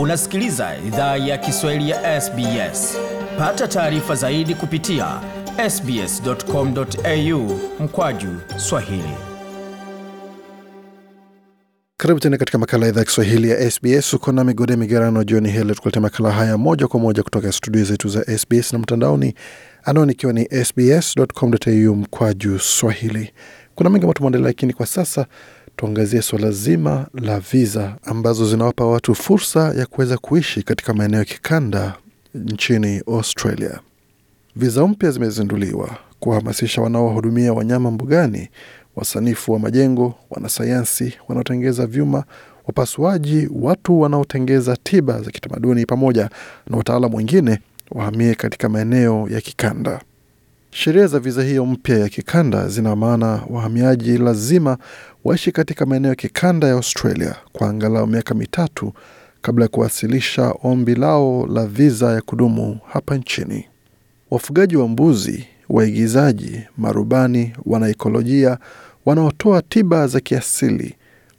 Unasikiliza idhaa ya Kiswahili ya SBS. Pata taarifa zaidi kupitia sbs.com.au mkwaju swahili. Karibu tena katika makala ya idhaa ya Kiswahili ya SBS. Uko na Migode Migerano jioni hili, tukuletea makala haya moja kwa moja kutoka studio zetu za SBS na mtandaoni, anaoni ikiwa ni sbs.com.au mkwaju swahili. Kuna mengi ambayo tumeandalia, lakini kwa sasa tuangazie suala zima la viza ambazo zinawapa watu fursa ya kuweza kuishi katika maeneo ya kikanda nchini Australia. Viza mpya zimezinduliwa kuwahamasisha wanaowahudumia wanyama mbugani, wasanifu wa majengo, wanasayansi wanaotengeza vyuma, wapasuaji, watu wanaotengeza tiba za kitamaduni, pamoja na wataalam wengine wahamie katika maeneo ya kikanda. Sheria za viza hiyo mpya ya kikanda zina maana wahamiaji lazima waishi katika maeneo ya kikanda ya Australia kwa angalau miaka mitatu kabla ya kuwasilisha ombi lao la viza ya kudumu hapa nchini. Wafugaji wa mbuzi, waigizaji, marubani, wanaikolojia, wanaotoa tiba za kiasili,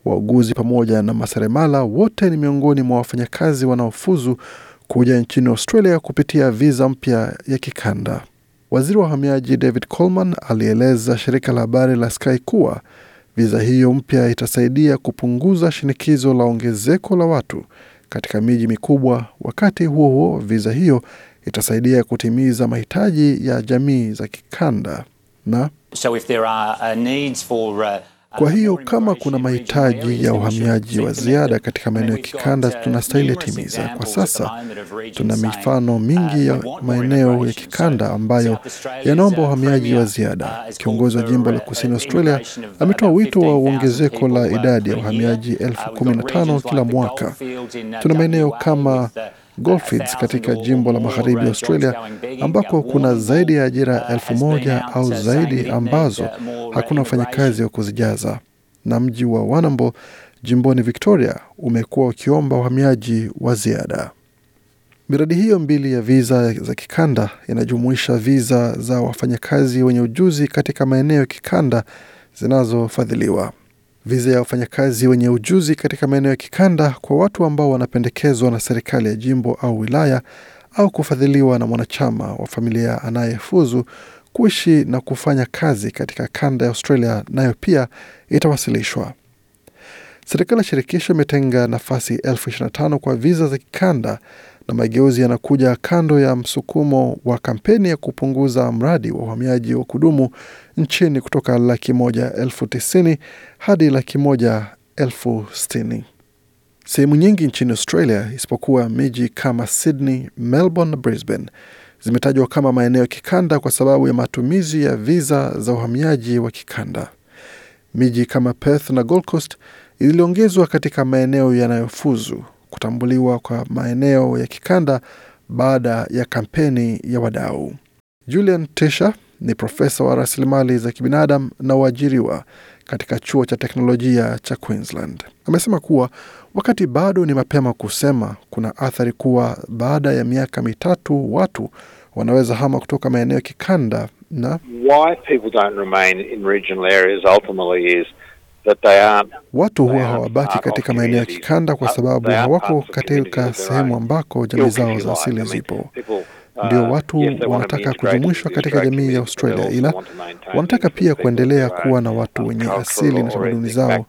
wauguzi pamoja na maseremala, wote ni miongoni mwa wafanyakazi wanaofuzu kuja nchini Australia kupitia viza mpya ya kikanda. Waziri wa uhamiaji David Coleman alieleza shirika la habari la Sky kuwa viza hiyo mpya itasaidia kupunguza shinikizo la ongezeko la watu katika miji mikubwa. Wakati huo huo, viza hiyo itasaidia kutimiza mahitaji ya jamii za kikanda na So if there are uh, needs for uh, kwa hiyo kama kuna mahitaji ya uhamiaji wa ziada katika maeneo ya kikanda, tunastahili timiza. Kwa sasa tuna mifano uh, mingi ya maeneo ya kikanda ambayo yanaomba uh, uhamiaji wa ziada. Uh, Kiongozi wa jimbo la kusini Australia ametoa wito wa ongezeko la idadi ya uhamiaji elfu kumi na tano kila mwaka. Tuna maeneo kama Goldfields katika jimbo la magharibi Australia ambako kuna zaidi ya ajira elfu moja au zaidi ambazo hakuna wafanyakazi wa kuzijaza, na mji wa Wanambo jimboni Victoria umekuwa ukiomba wahamiaji wa ziada. Miradi hiyo mbili ya viza za kikanda inajumuisha viza za wafanyakazi wenye ujuzi katika maeneo ya kikanda zinazofadhiliwa. Viza ya wafanyakazi wenye ujuzi katika maeneo ya kikanda kwa watu ambao wanapendekezwa na serikali ya jimbo au wilaya au kufadhiliwa na mwanachama wa familia anayefuzu kuishi na kufanya kazi katika kanda ya Australia, nayo pia itawasilishwa. Serikali ya shirikisho imetenga nafasi elfu kwa viza za kikanda na mageuzi yanakuja kando ya msukumo wa kampeni ya kupunguza mradi wa uhamiaji wa kudumu nchini kutoka laki moja elfu hadi laki moja elfu Sehemu nyingi nchini Australia isipokuwa miji kama Sydney, Melbourne na Brisbane zimetajwa kama maeneo ya kikanda kwa sababu ya matumizi ya viza za uhamiaji wa kikanda. Miji kama Perth na Gold Coast iliongezwa katika maeneo yanayofuzu kutambuliwa kwa maeneo ya kikanda baada ya kampeni ya wadau. Julian Tesha ni profesa wa rasilimali za kibinadamu na uajiriwa katika chuo cha teknolojia cha Queensland. Amesema kuwa wakati bado ni mapema kusema kuna athari kuwa baada ya miaka mitatu watu wanaweza hama kutoka maeneo ya kikanda na watu huwa hawabaki katika maeneo ya kikanda kwa sababu hawako katika sehemu ambako jamii zao za asili zipo ndio uh, watu wanataka kujumuishwa katika jamii ya uh, Australia, ila wanataka pia kuendelea uh, kuwa na watu wenye asili na tamaduni zao.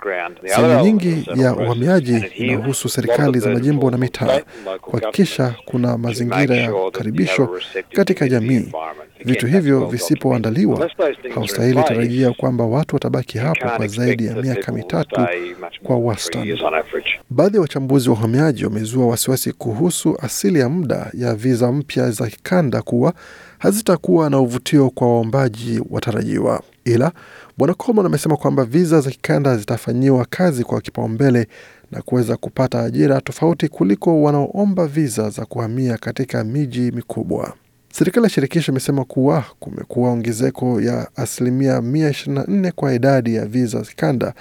Sehemu nyingi ya uhamiaji inahusu serikali za majimbo na mitaa kuhakikisha kuna mazingira ya karibisho katika jamii Vitu hivyo visipoandaliwa, haustahili tarajia kwamba watu watabaki hapo kwa zaidi ya miaka mitatu kwa wastani. Baadhi ya wachambuzi wa uhamiaji wamezua wasiwasi kuhusu asili ya muda ya viza mpya za kikanda kuwa hazitakuwa na uvutio kwa waombaji watarajiwa. Ila Bwana Coleman amesema kwamba viza za kikanda zitafanyiwa kazi kwa kipaumbele na kuweza kupata ajira tofauti kuliko wanaoomba viza za kuhamia katika miji mikubwa. Serikali ya shirikisho imesema kuwa kumekuwa ongezeko ya asilimia 124 kwa idadi ya viza kanda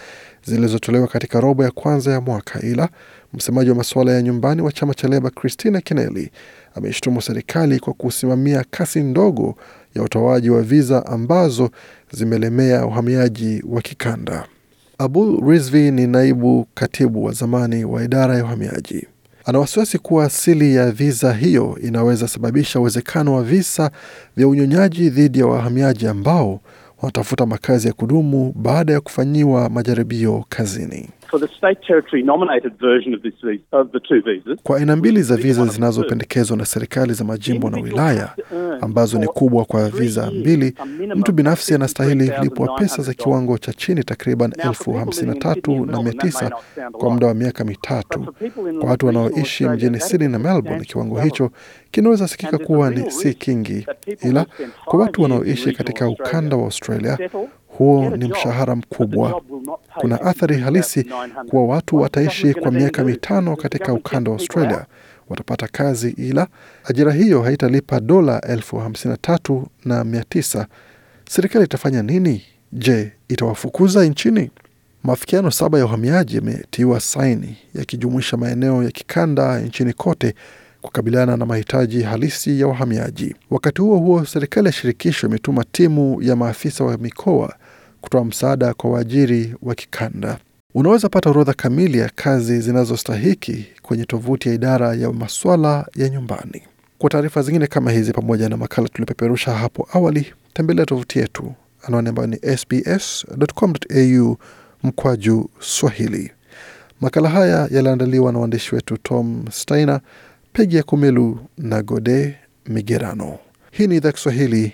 zilizotolewa katika robo ya kwanza ya mwaka, ila msemaji wa masuala ya nyumbani wa chama cha Leba Christina Keneli ameishutumu serikali kwa kusimamia kasi ndogo ya utoaji wa viza ambazo zimelemea uhamiaji wa kikanda. Abul Rizvi ni naibu katibu wa zamani wa idara ya uhamiaji. Ana wasiwasi kuwa asili ya visa hiyo inaweza sababisha uwezekano wa visa vya unyonyaji dhidi ya wahamiaji ambao wanatafuta makazi ya kudumu baada ya kufanyiwa majaribio kazini for the state territory nominated version of this visa, of the two visas. Kwa aina mbili za viza zinazopendekezwa na serikali za majimbo na wilaya ambazo ni kubwa kwa viza mbili, mtu binafsi anastahili lipwa pesa za kiwango cha chini takriban elfu hamsini na tatu na mia tisa kwa muda wa miaka mitatu. Kwa watu wanaoishi mjini Sydney na Melbourne, kiwango hicho kinaweza sikika kuwa ni si kingi, ila kwa watu wanaoishi katika ukanda wa Australia huo ni mshahara mkubwa. Kuna athari halisi kuwa watu wataishi kwa miaka mitano katika ukanda wa Australia, watapata kazi, ila ajira hiyo haitalipa dola elfu hamsini na tatu na mia tisa. Serikali itafanya nini? Je, itawafukuza nchini? Maafikiano saba ya uhamiaji yametiwa saini yakijumuisha maeneo ya kikanda nchini kote kukabiliana na mahitaji halisi ya wahamiaji. Wakati huo huo, serikali ya shirikisho imetuma timu ya maafisa wa mikoa kutoa msaada kwa waajiri wa kikanda. Unaweza pata orodha kamili ya kazi zinazostahiki kwenye tovuti ya idara ya maswala ya nyumbani. Kwa taarifa zingine kama hizi pamoja na makala tuliopeperusha hapo awali, tembelea tovuti yetu, anwani ambayo ni sbs.com.au mkwaju Swahili. Makala haya yaliandaliwa na waandishi wetu Tom Steiner, Pegi ya Kumelu na Gode Migerano. Hii ni idhaa Kiswahili